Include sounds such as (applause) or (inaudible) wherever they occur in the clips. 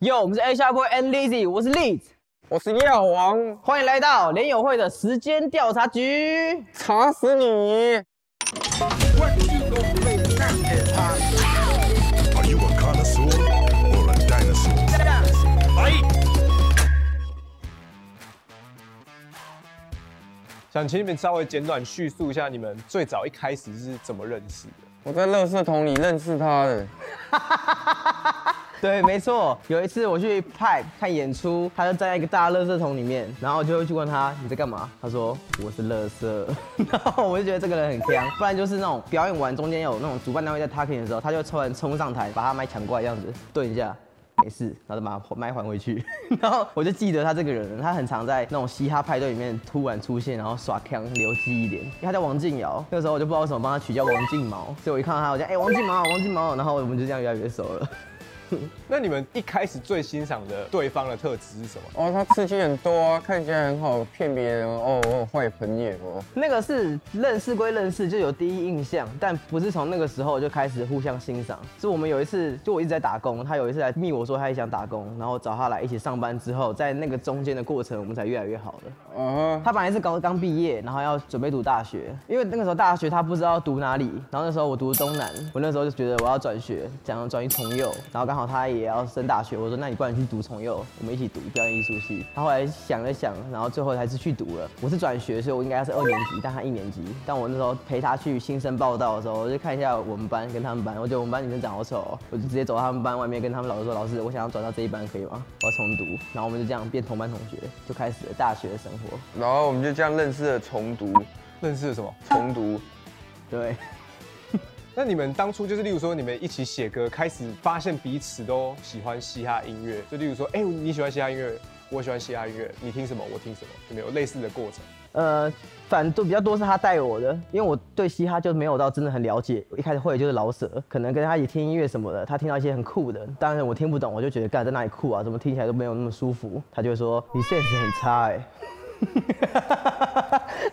喲，我們是 Asiaboy and Lizi，我是 Liz，我是藥王，歡迎來到聯友會的時間調查局，查死你！想請你們稍微簡短敘述一下你們最早一開始是怎麼認識的？我在樂色桶裡認識他的。 (laughs) 對，沒錯。有一次我去派看演出，他就站在一個大垃圾桶裡面，然後我就去問他，你在幹嘛，他說我是垃圾， (laughs) 然後我就覺得這個人很鏘。不然就是那種表演完中間有那種主辦單位在 talking 的時候，他就突然衝上台，把他的麥搶過來，這樣子頓一下，沒事，然後就把麥還回去。 (laughs) 然後我就記得他這個人，他很常在那種嘻哈派對裡面突然出現，然後耍鏘，留機一點。因為他叫王靖瑤，那個時候我就不知道為什麼幫他取名叫王靖毛，所以我一看到他，我就哎，欸，王靖毛，王靖毛，然後我們就這樣越來越熟了。 (laughs) 那你們一開始最欣賞的對方的特質是什麼？哦，他刺激很多啊，看起來很好騙別人哦，壞朋友哦。那個是認識歸認識，就有第一印象，但不是從那個時候就開始互相欣賞。是我們有一次，就我一直在打工，他有一次來密我說他也想打工，然後找他來一起上班之後，在那個中間的過程，我們才越來越好的。嗯、uh -huh.，他本來是剛剛畢業，然後要準備讀大學，因為那個時候大學他不知道要讀哪裡，然後那時候我讀東南，我那時候就覺得我要轉學，想轉去崇右，然後剛。然後他也要升大學，我說，那你不然去讀崇右，我們一起讀表演藝術系。他後來想了想，然後最後還是去讀了。我是轉學，所以我應該是二年級，但他一年級。但我那時候陪他去新生報到的時候，我就看一下我們班跟他們班，我覺得我們班女生長得好醜喔，我就直接走到他們班外面跟他們老師說：“老師，我想要轉到這一班可以嗎？我要重讀。”然後我們就這樣變同班同學，就開始了大學的生活。然後我們就這樣認識了重讀，認識了什麼？重讀，對。那你們當初就是，例如說，你們一起寫歌，開始發現彼此都喜歡嘻哈音樂。就例如說，哎、欸，你喜歡嘻哈音樂，我喜歡嘻哈音樂，你聽什麼，我聽什麼，有沒有類似的過程？呃，反正都比較多是他帶我的，因為我對嘻哈就沒有到真的很了解。我一開始會就是老是，可能跟他一起聽音樂什麼的，他聽到一些很酷的，當然我聽不懂，我就覺得幹在哪裡酷啊，怎麼聽起來都沒有那麼舒服。他就說：“你 sense 很差哎、欸。”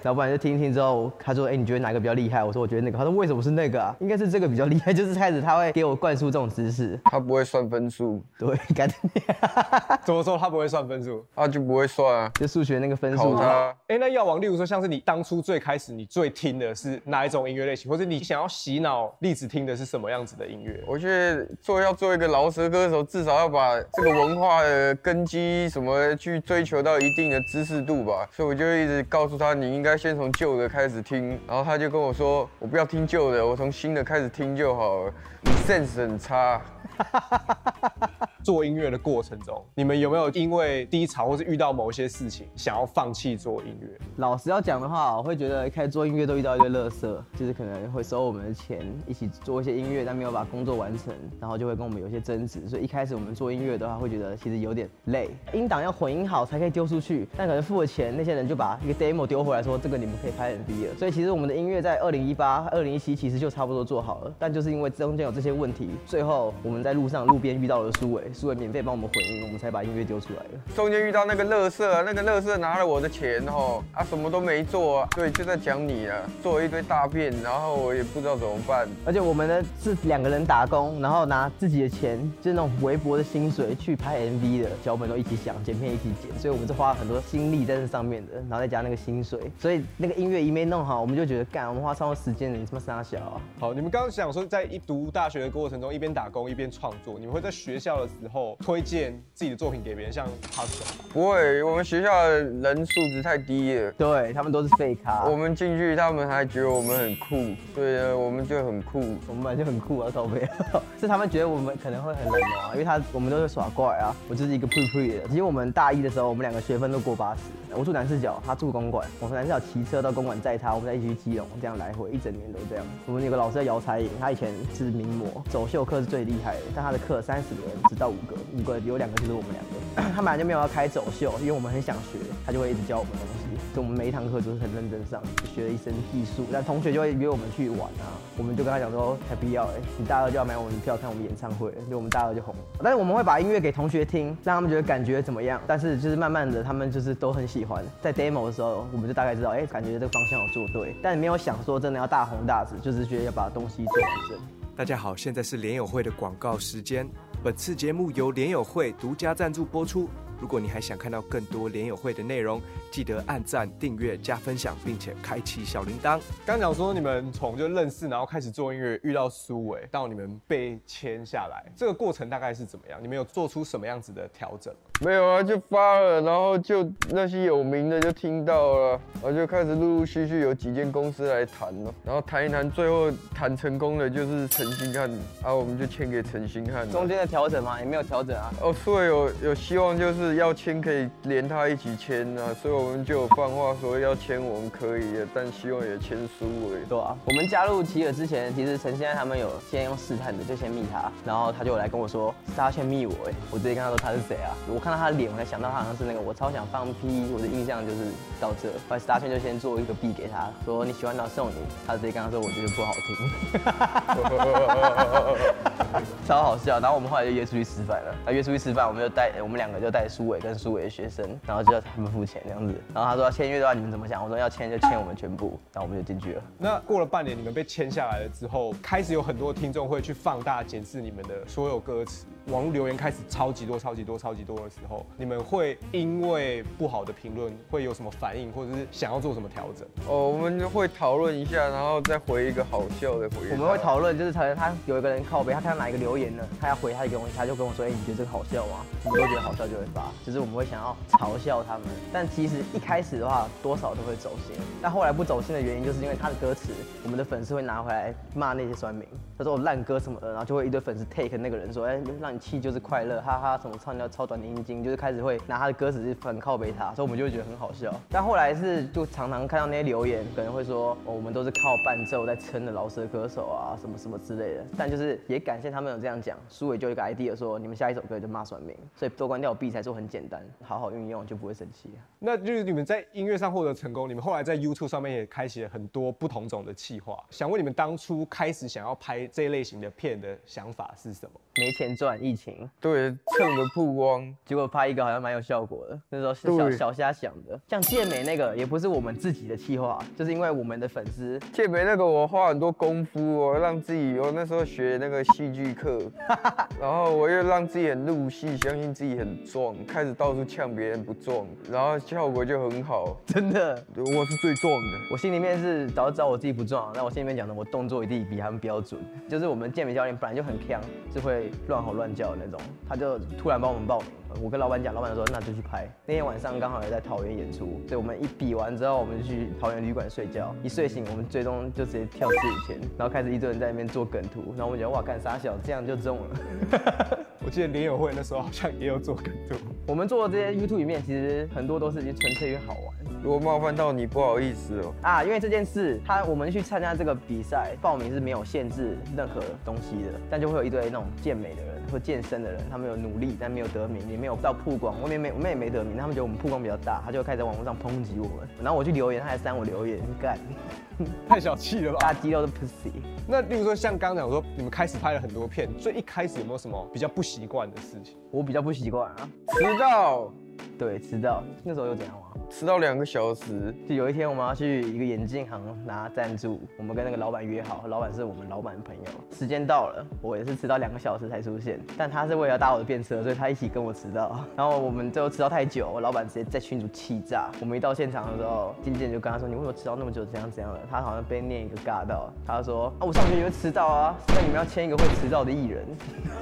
老闆就聽一聽之後，他說：“哎、欸，你覺得哪個比較厲害？”我說：“我覺得那個。”他說：“為什麼是那個啊？應該是這個比較厲害。”就是開始他會給我灌輸這種知識。他不會算分數。對，該怎麼樣？ (laughs) 怎麼說他不會算分數？他就不會算啊，就數學那個分數。考他。哎、欸，那藥王例如說，像是你當初最開始你最聽的是哪一種音樂類型，或者你想要洗腦栗子聽的是什麼樣子的音樂？我覺得做要做一個饒舌歌手，至少要把這個文化的根基什麼去追求到一定的知識度吧。所以我就一直告訴他，你應該先從舊的開始聽，然後他就跟我說，我不要聽舊的，我從新的開始聽就好了，你 sense 很差。 (laughs) 做音樂的過程中，你們有沒有因為低潮或是遇到某些事情，想要放棄做音樂？老實要講的話，我會覺得一開始做音樂都遇到一堆樂色，就是可能會收我們的錢，一起做一些音樂，但沒有把工作完成，然後就會跟我們有一些爭執。所以一開始我們做音樂的話，會覺得其實有點累。音檔要混音好才可以丟出去，但可能付了錢，那些人就把一個 demo 丟回來說，這個你們可以拍 MV 了。所以其實我們的音樂在二零一八、二零一七其實就差不多做好了，但就是因為中間有這些問題，最後我們在路上路邊遇到了蘇偉。是免費幫我們回應，我們才把音樂丟出來的。中間遇到那個樂色，那個樂色拿了我的錢哦，啊什麼都沒做，啊。對，就在講你啊，做了一堆大便，然後我也不知道怎麼辦。而且我們呢是兩個人打工，然後拿自己的錢，就是、那種微薄的薪水去拍 MV 的腳本都一起想，剪片，一起剪，所以我們是花了很多心力在這上面的，然後再加那個薪水，所以那個音樂一沒弄好，我們就覺得幹，我們花超多時間，你這麼三小、啊。好，你們剛剛想說在一讀大學的過程中一邊打工一邊創作，你們會在學校的。之後推薦自己的作品給別人，像他。不會，我們學校的人素質太低了，對他們都是廢咖，啊。我們進去，他們還覺得我們很酷，對啊，我們就很酷，我們就很酷啊，搞不要， (laughs) 是他們覺得我們可能會很冷漠啊，因為他我們都是耍怪啊，我就是一個普普的。其實我們大一的時候，我們兩個學分都過八十，我住南勢角，他住公館，我從南勢角騎車到公館載他，我們在一起去基隆，這樣來回一整年都這樣。我們那個老師叫姚彩影，他以前是名模，走秀課是最厲害的，但他的課三十個人只到。五個，五個，有兩個就是我們兩個。 (coughs) 他本來就沒有要開走秀，因為我們很想學，他就會一直教我們東西。跟我們每一堂課都是很認真上，學了一身技術。但同學就會約我們去玩啊，我們就跟他講說才不要，哎，你大二就要買我們的票看我們演唱會，就我們大二就紅。但是我們會把音樂給同學聽，讓他們覺得感覺怎麼樣。但是就是慢慢的，他們就是都很喜歡。在 demo 的時候，我們就大概知道，哎，感覺這個方向有做對。但沒有想說真的要大紅大紫，就是覺得要把東西做完整。大家好，現在是聯友會的廣告時間。本次節目由聯友會獨家贊助播出。如果你還想看到更多聯友會的內容，記得按贊、訂閱、加分享，並且開啟小鈴鐺。剛講說你們從就認識，然後開始做音樂，遇到蘇偉，到你們被簽下來，這個過程大概是怎麼樣？你們有做出什麼樣子的調整嗎？沒有啊，就發了，然後就那些有名的就聽到了，然後就開始陸陸續續有幾間公司來談了，然後談一談，最後談成功的就是陳星漢，然後我們就簽給陳星漢。中間的調整嗎？也沒有調整啊。哦，蘇偉有有希望就是。要簽可以連他一起簽啊，所以我們就有放話說要簽我們可以的，但希望也簽輸哎。對啊，我們加入企鵝之前，其實陳先生他們有先用試探的，就先密他，然後他就來跟我說，Star 先密我哎、欸。我直接跟他說他是誰啊？我看到他的臉，我才想到他好像是那個我超想放屁，我的印象就是到這。但是 Star 就先做一個幣給他說你喜歡他送你，他直接跟他說我覺得不好聽，哈哈哈超好笑。然後我們後來就約出去吃飯了，那、啊、約出去吃飯，我們就帶我們兩個就帶。蘇偉跟蘇偉的學生，然後就要他們付錢這樣子，然後他說要簽約的話你們怎麼想？我說要簽就簽我們全部，然後我們就進去了。那過了半年，你們被簽下來了之後，開始有很多聽眾會去放大檢視你們的所有歌詞。網絡留言開始超級多、超級多、超級多的時候，你們會因為不好的評論會有什麼反應，或者是想要做什麼調整？哦，我們就會討論一下，然後再回一個好笑的回應。我們會討論，就是他他有一個人靠北，他看到哪一個留言呢，他要回他一個東西，他就跟我說：“哎，你覺得這個好笑嗎？”你們都覺得好笑就會發，就是我們會想要嘲笑他們，但其實一開始的話多少都會走心，但後來不走心的原因就是因為他的歌詞，我們的粉絲會拿回來罵那些酸民，他說我爛歌什麼的，然後就會一堆粉絲 take 那個人說：“哎，爛。”氣就是快樂，哈哈！什麼唱跳超短的陰莖，就是開始會拿他的歌詞去反靠背他，所以我們就會覺得很好笑。但後來是就常常看到那些留言，可能會說，哦，我們都是靠伴奏在撐的老師的歌手啊，什麼什麼之類的。但就是也感謝他們有這樣講，蘇偉就有一個 idea 說你們下一首歌就罵算命，所以多關掉我 B 才說很簡單，好好運用就不會生氣。那就是你們在音樂上獲得成功，你們後來在 YouTube 上面也開啟了很多不同種的企劃。想問你們當初開始想要拍這一類型的片的想法是什麼？沒錢賺。疫情對蹭個曝光，結果拍一個好像蠻有效果的。那時候是小小，小瞎想的，像健美那個也不是我們自己的計劃，就是因為我們的粉絲。健美那個我花很多功夫哦，我讓自己我那時候學那個戲劇課， (laughs) 然後我又讓自己很入戲，相信自己很壯，開始到處嗆別人不壯，然後效果就很好，真的我是最壯的。我心裡面是找找我自己不壯，那我心裡面講的我動作一定比他們標準。就是我們健美教練本來就很嗆，就會亂吼亂教那種，他就突然幫我們報名。我跟老闆講，老闆說那就去拍。那天晚上剛好也在桃園演出，所以我們一比完之後，我們就去桃園旅館睡覺。一睡醒，我們最終就直接跳自前，然後開始一堆人在那邊做梗圖。然後我們講哇，幹，啥小，這樣就中了。 (laughs) (laughs) 我記得連友會那時候好像也有做梗圖。 (laughs) 我們做的這些 YouTube 裡面，其實很多都是已經純粹於好玩。如果冒犯到你，不好意思哦、喔、啊！因為這件事，他我們去參加這個比賽報名是沒有限制任何東西的，但就會有一堆那種健美的人或健身的人，他們有努力但沒有得名，也沒有到曝光，外面沒我們也沒得名，他們覺得我們曝光比較大，他就會開始在網絡上抨擊我們。然後我去留言，他還刪我留言，幹，太小氣了吧！ (laughs) 大肌肉的 pussy。那例如說像剛剛我說，你們開始拍了很多片，所以一開始有沒有什麼比較不習慣的事情？我比較不習慣啊，遲到。對，遲到那時候又怎樣啊？遲到兩個小時，就有一天我們要去一個眼鏡行拿贊助，我們跟那個老闆約好，老闆是我們老闆的朋友。時間到了，我也是遲到兩個小時才出現，但他是為了搭我的便車，所以他一起跟我遲到。然後我們最後遲到太久，老闆直接在群組氣炸。我們一到現場的時候，經紀人就跟他說：“你為什麼遲到那麼久？怎樣怎樣的？”他好像被念一個尬到，他說：“啊，我上學也會遲到啊，但你們要簽一個會遲到的藝人。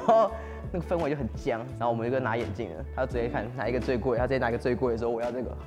(laughs) ”那個氛圍就很僵，然後我們一個拿眼鏡的，他就直接看哪一個最貴，他直接拿一個最貴的時候，“我要這個。”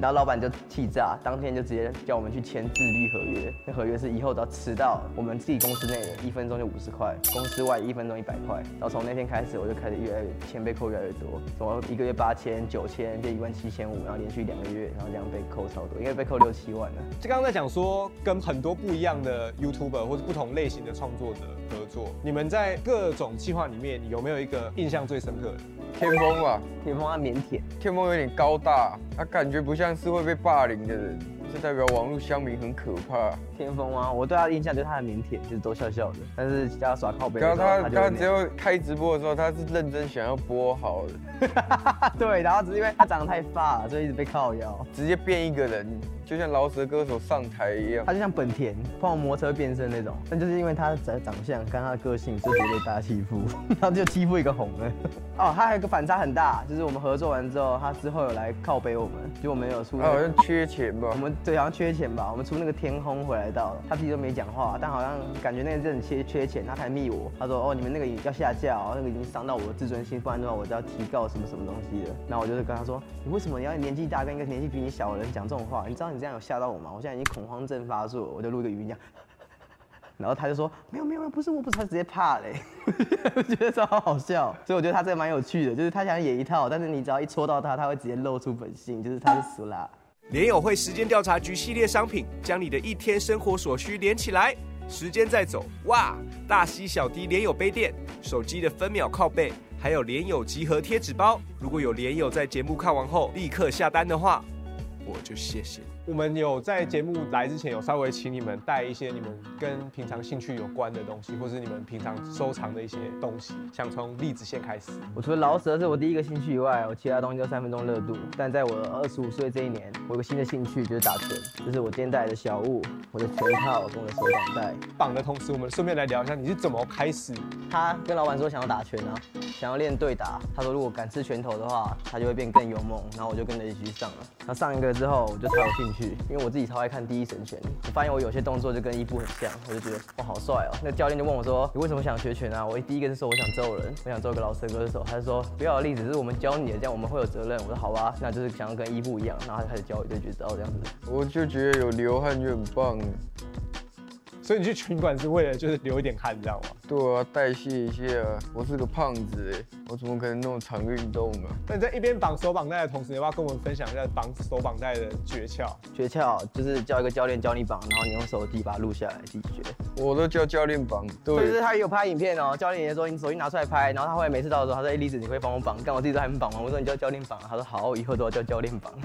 然後老闆就氣炸，當天就直接叫我們去簽自律合約。那合約是以後只要遲到，我們自己公司內的一分鐘就五十塊，公司外一分鐘一百塊。然後從那天開始，我就開始越來越錢被扣越來越多，從一個月八千、九千，就一萬七千五，然後連續兩個月，然後這樣被扣超多，因為被扣六七萬呢。就剛剛在講說跟很多不一樣的 YouTuber 或者不同類型的創作者合作，你們在各種計劃裡面你有沒有一個印象最深刻的？天風啊天風他、啊、靦腆，天風有點高大，他、啊、感覺不像。這樣是會被霸凌的人。這代表網絡鄉民很可怕。啊，天風嗎、啊？我對他的印象就是他很腼腆，就是都笑笑的，但是叫他耍靠背。然後他他，他只有開直播的時候，他是認真想要播好的。 (laughs) 對，然後只是因為他長得太發，了，所以一直被靠腰，直接變一個人，就像饒舌歌手上台一樣，他就像本田碰摩托車變身那種。但就是因為他的長相跟他的個性，就直接被大家欺負，然後就欺負一個紅了。 (laughs) 哦，他還有一個反差很大，就是我們合作完之後，他之後有來靠背我們，就我們有出。他、啊、好像缺錢吧？我們。對，好像缺錢吧？我們出那個天空回來到了，他自己都沒講話，但好像感覺那個人很缺缺錢，他還密我。他說：“哦，你們那個已經要下架，那個已經傷到我的自尊心，不然的話我就要提告什麼什麼東西的。”那我就是跟他說：“你為什麼你要年紀大跟一個年紀比你小的人講這種話？你知道你這樣有嚇到我嗎？我現在已經恐慌症發作，我就錄個語音這樣 (laughs) 然後他就說：“沒有沒有沒有，不是我不是，他直接怕嘞， (laughs) 覺得這好好笑。”所以我覺得他這個蠻有趣的，就是他想演一套，但是你只要一戳到他，他會直接露出本性，就是他是蘇拉。連友會時間調查局系列商品，將你的一天生活所需連起來。時間在走，哇！大西小滴連友杯墊、手機的分秒靠背，還有連友集合貼紙包。如果有連友在節目看完後立刻下單的話，我就謝謝。我們有在節目來之前有稍微請你們帶一些你們跟平常興趣有關的東西，或是你們平常收藏的一些東西。想從栗子先開始。我除了饒舌是我第一個興趣以外，我其他東西都三分鐘熱度。但在我二十五歲這一年，我有個新的興趣就是打拳，這，就是我今天帶來的小物，我的拳套，我，跟我的手綁帶。綁的同時，我們順便來聊一下你是怎麼開始。他跟老闆說想要打拳啊，想要練對打。他說如果敢吃拳頭的話，他就會變更勇猛。然後我就跟着一起去上了。那上一個之後，我就超有興趣。因為我自己超愛看《第一神拳》，我發現我有些動作就跟一步很像，我就覺得哇好帥哦，喔。那教練就問我說：“你為什麼想學拳啊？”我第一個是說我想揍人，我想揍個老師的歌手。他就說：“不要有例子，是我們教你的，這樣我們會有責任。”我說：“好吧。”那就是想要跟一步一樣，然後他就開始教我，就覺得哦這樣子。我就覺得有流汗就很棒。所以你去拳館是為了就是流一點汗，你知道嗎？對啊，代謝一下。我是個胖子，哎，我怎麼可能那麼常運動啊？那你在一邊綁手綁帶的同時，你要不要跟我們分享一下綁手綁帶的訣竅？訣竅就是叫一個教練教你綁，然後你用手機把它錄下來，自己學。我都叫教練綁。對，就是他也有拍影片哦。教練也說你手機拿出來拍，然後他後來，每次到的時候，他說：“哎、欸、栗子，你會幫我綁？”但我自己都還沒綁完，我說：“你叫教練綁。”他說：“好，以後都要叫教練綁。 (laughs) ”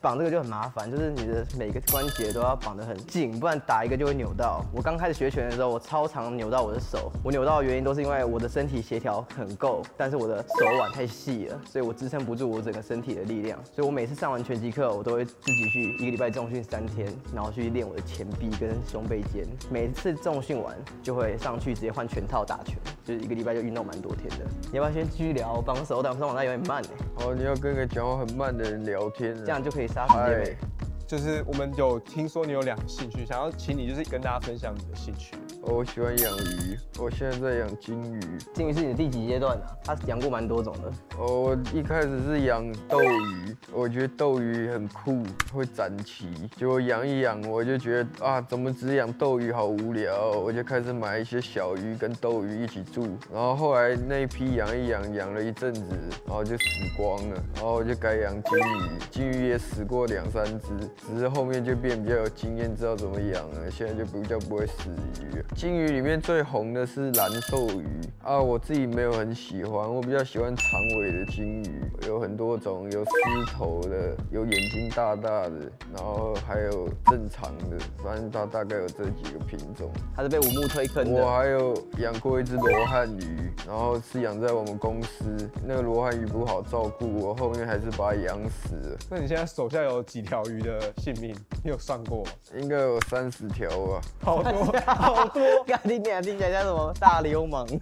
綁這個就很麻煩，就是你的每個關節都要綁得很緊，不然打一個就會扭。到我剛開始學拳的時候，我超常扭到我的手。我扭到的原因都是因為我的身體協調很夠，但是我的手腕太細了，所以我支撐不住我整個身體的力量。所以我每次上完拳擊課，我都會自己去一個禮拜重訓三天，然後去練我的前臂跟胸背肩。每次重訓完就會上去直接換拳套打拳，就是一個禮拜就運動蠻多天的。你要不要先繼續聊幫手，但我上網那有點慢、欸、哦，你要跟個講話很慢的人聊天。這樣就可以殺時間。就是我們有聽說你有兩個興趣，想要請你就是跟大家分享你的興趣。我喜歡養魚，我現在在養金魚。金魚是你的第幾階段呢？啊？它養過蠻多種的。我一開始是養鬥魚，我覺得鬥魚很酷，會展鰭。結果養一養，我就覺得啊，怎麼只養鬥魚好無聊，哦？我就開始買一些小魚跟鬥魚一起住。然後後來那一批養一養，養了一陣子，然後就死光了。然後我就改養金魚，金魚也死過兩三隻，只是後面就變比較有經驗，知道怎麼養了。現在就比較不會死魚了。金魚裡面最紅的是藍瘦魚啊，我自己沒有很喜歡，我比較喜歡長尾的金魚，有很多種，有獅頭的，有眼睛大大的，然後還有正常的，反正它大概有這幾個品種。它是被五木推坑的。我還有養過一隻羅漢魚，然後是養在我們公司，那個羅漢魚不好照顧，我後面還是把它養死了。那你現在手下有幾條魚的性命？你有算過嗎？應該有三十條吧。好多， (laughs) 好多。 (laughs) 搞聽點，聽起來像什麼大流氓？ (laughs)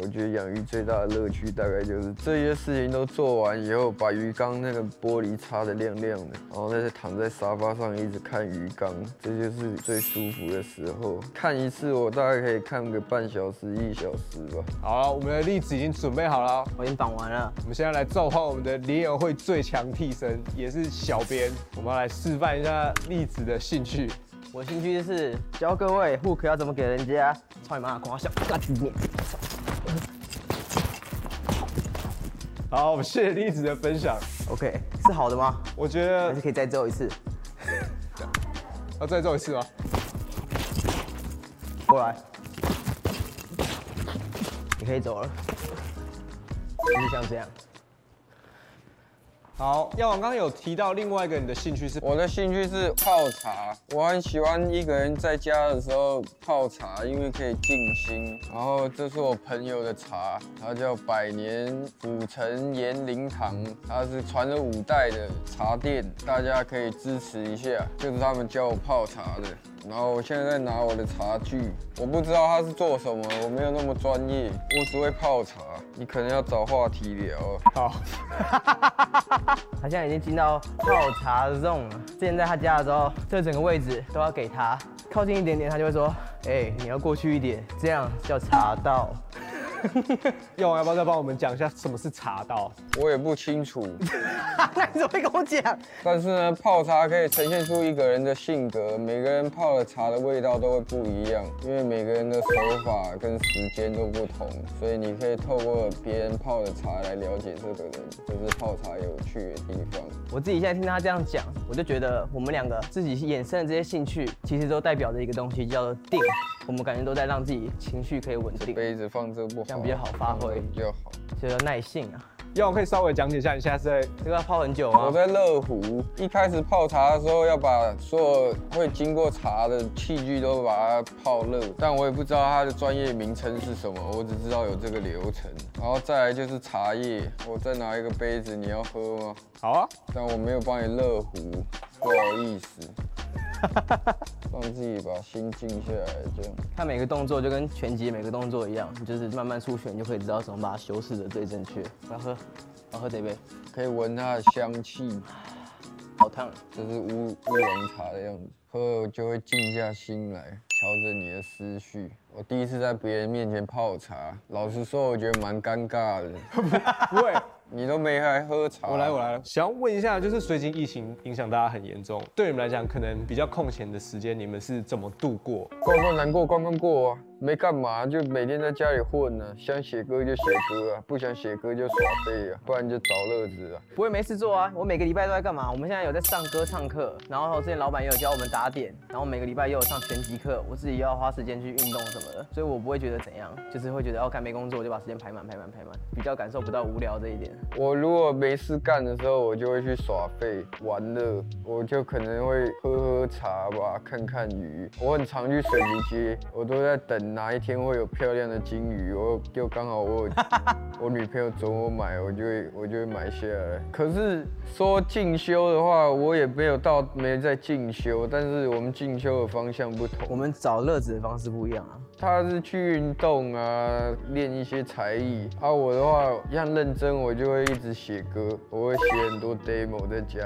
我覺得養魚最大的樂趣大概就是這些事情都做完以後，把魚缸那個玻璃擦得亮亮的，然後再躺在沙發上一直看魚缸，這就是最舒服的時候。看一次我大概可以看個半小時、一小時吧。好了，我們的栗子已經準備好了，我已經擋完了。我們現在來召喚我們的連友會最強替身，也是小編，我們要來示範一下栗子的興趣。我的興趣的是教各位 Hook 要怎麼給人家，操你媽的，狂笑，幹死你！好，我們謝謝栗子的分享。OK，是好的嗎？我覺得還是可以再做一次。 (laughs) 要再做一次嗎？過來，你可以走了。就是像這樣。好，藥王剛剛有提到另外一個你的興趣是，我的興趣是泡茶，我很喜歡一個人在家的時候泡茶，因為可以靜心。然後這是我朋友的茶，他叫百年古城岩陵堂，他是傳了五代的茶店，大家可以支持一下，就是他們教我泡茶的。然後我現在,在拿我的茶具，我不知道他是做什麼，我沒有那麼專業，我只會泡茶。你可能要找話題聊。好。 (laughs) 他現在已經進到泡茶 zone 了。之前在他家的時候，這整個位置都要給他靠近一點點，他就會說：“哎、欸，你要過去一點，這樣叫茶道。”要 (laughs) 不要不要再幫我們講一下什麼是茶道？我也不清楚。那 (laughs) 你怎麼會跟我講？但是呢，泡茶可以呈現出一個人的性格，每個人泡的茶的味道都會不一樣，因為每個人的手法跟時間都不同，所以你可以透過別人泡的茶來了解這個人，就是泡茶有趣的地方。我自己現在聽他這樣講，我就覺得我們兩個自己衍生的這些興趣，其實都代表着一個東西，叫做定。我們感覺都在讓自己情緒可以穩定。杯子放這不好這樣比較好發揮，比較好，其實要耐性啊。要，我可以稍微講解一下，你現在是在這個要泡很久嗎？我在熱壺，一開始泡茶的時候要把所有會經過茶的器具都把它泡熱，但我也不知道它的專業名稱是什麼，我只知道有這個流程。然後再來就是茶葉，我再拿一個杯子，你要喝嗎？好啊，但我沒有幫你熱壺，不好意思。 (laughs) 讓自己把心靜下來，這樣。他每個動作就跟拳擊每個動作一樣，就是慢慢出拳，就可以知道怎麼把它修飾得最正確。來喝，來喝這杯，可以聞它的香氣。好燙，這是烏烏龍茶的樣子。喝了就會靜下心來，調整你的思緒。我第一次在別人面前泡茶，老實說，我覺得蠻尷尬的。 (laughs) 不， (laughs) 不會。你都沒來喝茶，我來我來了。想要問一下，就是最近疫情影響大家很嚴重，對你們來講，可能比較空閒的時間，你們是怎麼度過？關關難過，關關過。沒幹嘛，就每天在家裡混呢、啊。想寫歌就寫歌啊，不想寫歌就耍廢啊，不然就找樂子啊。不會沒事做啊，我每個禮拜都在幹嘛？我們現在有在上歌唱課，然後之前老闆也有教我們打點，然後每個禮拜又有上拳擊課，我自己又要花時間去運動什麼的，所以我不會覺得怎樣，就是會覺得哦，幹沒工作，我就把時間排滿，排滿，排滿，比較感受不到無聊這一點。我如果沒事幹的時候，我就會去耍廢玩樂，我就可能會喝喝茶吧，看看魚。我很常去水泥街，我都在等，哪一天會有漂亮的金魚？我就剛好我 (laughs) 我女朋友准我買，我就會我就會買下來。可是說進修的話，我也沒有到沒在進修，但是我們進修的方向不同，我們找樂子的方式不一樣啊。他是去運動啊，練一些才藝啊。我的話，一樣認真，我就會一直寫歌，我會寫很多 demo 在家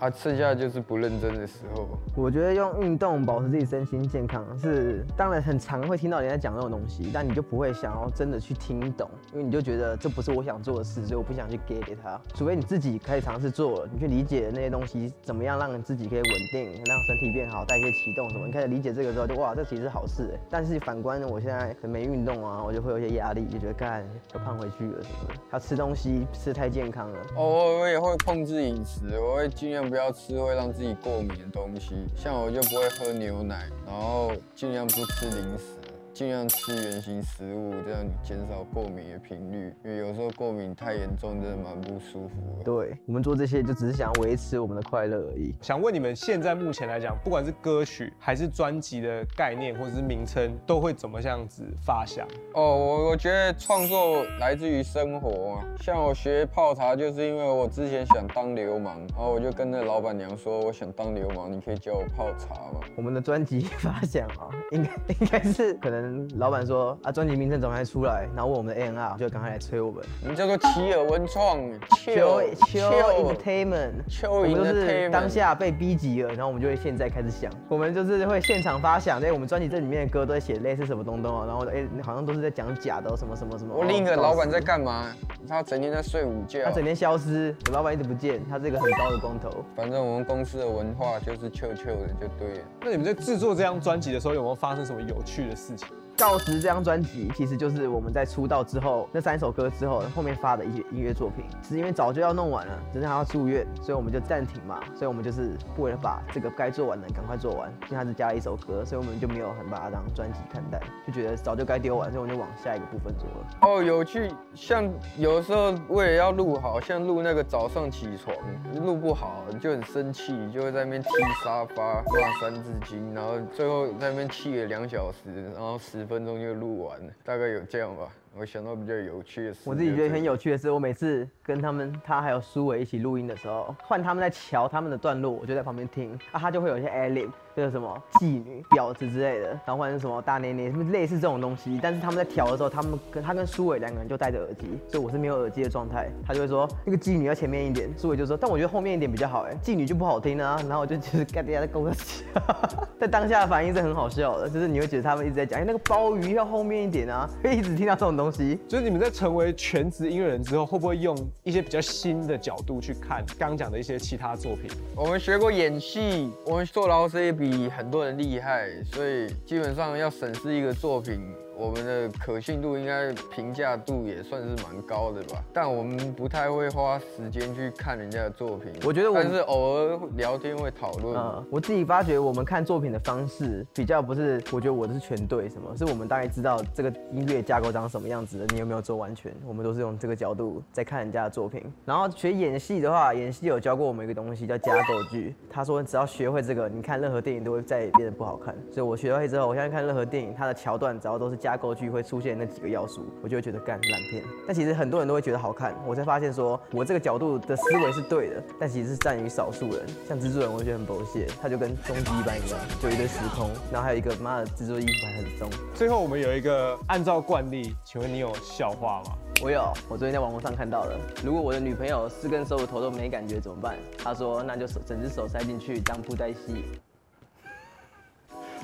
裡啊。剩下就是不認真的時候。我覺得用運動保持自己身心健康是，當然很常會聽到人家講那種東西，但你就不會想要真的去聽懂，因為你就覺得這不是我想做的事，所以我不想去 get 它。除非你自己開始嘗試做了，你去理解那些東西怎麼樣讓你自己可以穩定，讓身體變好，代謝啟動什麼，你開始理解這個時候就哇，這其實是好事欸。但是反觀。那我現在可能沒運動啊，我就會有些壓力，就覺得幹又胖回去了，什麼。他吃東西吃太健康了。哦，我我也會控制飲食，我會盡量不要吃會讓自己過敏的東西，像我就不會喝牛奶，然後盡量不吃零食。盡量吃原型食物，這樣減少過敏的頻率。因為有時候過敏太嚴重，真的蠻不舒服。對，我們做這些，就只是想維持我們的快樂而已。想問你們，現在目前來講，不管是歌曲還是專輯的概念，或者是名稱，都會怎麼這樣子發想？哦，我我覺得創作來自於生活啊。像我學泡茶，就是因為我之前想當流氓，然後我就跟着老板娘說，我想當流氓，你可以教我泡茶嗎？我們的專輯發想啊，應該應該是可能。老闆說啊，專輯名稱怎麼還出來？然後問我們的 A N R 就趕快來催我們。我們叫做奇爾文創，Chill Chill Entertainment。我們都是當下被逼急了，然後我們就會現在開始想，我們就是會現場發想，哎、欸，我們專輯這裡面的歌都在寫類似什麼東東啊，然後、欸、好像都是在講假的什麼什麼什麼。我另一個老闆在幹嘛？他整天在睡午覺，他整天消失，我老闆一直不見，他是一個很高的光頭。反正我們公司的文化就是 Chill Chill 的就對了。那你們在制作這張專輯的時候，有沒有發生什麼有趣的事情？告辭這張專輯其實就是我們在出道之後那三首歌之後，後面發的一些音樂作品，是因為早就要弄完了，只是他要住院，所以我們就暫停嘛，所以我們就是為了把這個該做完的趕快做完，因為他只加了一首歌，所以我們就沒有很把它當專輯看待，就覺得早就該丟完，所以我們就往下一個部分做了。哦，有趣，像有的時候為了要錄好，像錄那個早上起床錄不好就很生氣，就會在那邊踢沙發、亂三字經，然後最後在那邊氣了兩小時，然後十。分鐘就錄完了，大概有這樣吧。我想到比較有趣的事，我自己覺得很有趣的是，我每次跟他們，他還有蘇偉一起錄音的時候，換他們在喬他們的段落，我就在旁邊聽，啊，他就會有一些 ad-lib 就是什麼妓女、婊子之類的，然後或者是什麼大奶奶什麼類似這種東西。但是他們在調的時候，他們跟他跟蘇偉兩個人就戴着耳機，所以我是沒有耳機的狀態。他就會說那個妓女要前面一點，蘇偉就說，但我覺得後面一點比較好哎、欸，妓女就不好聽啊。然後我就其實跟大家在哈哈，在 (laughs) (laughs) 當下的反應是很好笑的，就是你會覺得他們一直在講，哎，那個鮑魚要後面一點啊，可以一直聽到這種東西。所以你們在成為全職音樂人之後，會不會用一些比較新的角度去看剛講的一些其他作品？我們學過演戲，我們做老師也比。比很多人厲害，所以基本上要審視一個作品，我們的可信度應該評價度也算是蠻高的吧，但我們不太會花時間去看人家的作品。我覺得我，但是偶爾聊天會討論。啊，我自己發覺我們看作品的方式比較不是，我覺得我的是全對什麼，是我們大概知道這個音樂架構長什麼樣子的。你有沒有做完全？我們都是用這個角度在看人家的作品。然後學演戲的話，演戲有教過我們一個東西叫架構劇。他說只要學會這個，你看任何電影都會再變得不好看。所以我學會之後，我現在看任何電影，它的橋段只要都是架。架構具會出現那幾個要素，我就會覺得幹爛片。但其實很多人都會覺得好看，我才發現說我這個角度的思維是對的，但其實是佔於少數人。像蜘蛛人，我覺得很狗血，他就跟終極一班一樣，就一個時空，然後還有一個媽的蜘蛛衣服還很鬆。最後我們有一個按照慣例，請問你有笑話嗎？我有，我昨天在網絡上看到了，如果我的女朋友四根手指頭都沒感覺怎麼辦？他說那就整隻手塞進去當布袋戲。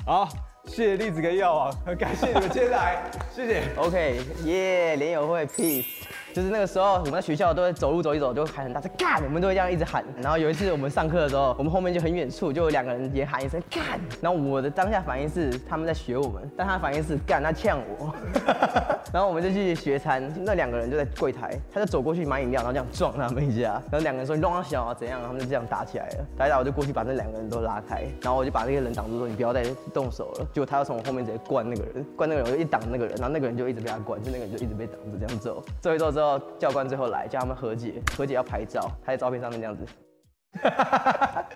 好、oh.。謝謝栗子跟藥王，很感謝你們接下來， (laughs) 謝謝。OK，耶，yeah，連友會，peace。就是那個時候，我們在學校都會走路走一走，就會喊很大聲幹，我們都會這樣一直喊。然後有一次我們上課的時候，我們後面就很遠處就有兩個人也喊一聲幹，然後我的當下反應是他們在學我們，但他的反應是干，他嗆我。 (laughs) 然後我們就去學餐，那兩個人就在櫃檯，他就走過去買飲料，然後這樣撞他們一下，然後兩個人說撞三小啊，怎樣？然後他們就這樣打起來了，打一打我就過去把那兩個人都拉開，然後我就把那個人擋住說你不要再動手了。結果他要從我後面直接灌那個人，灌那個人我就一擋那個人，然後那個人就一直被他灌，就那個人就一直被擋著，這樣揍。揍，一揍。之後，教官最後來叫他們和解，和解要拍照，他在照片上面這樣子。 (laughs)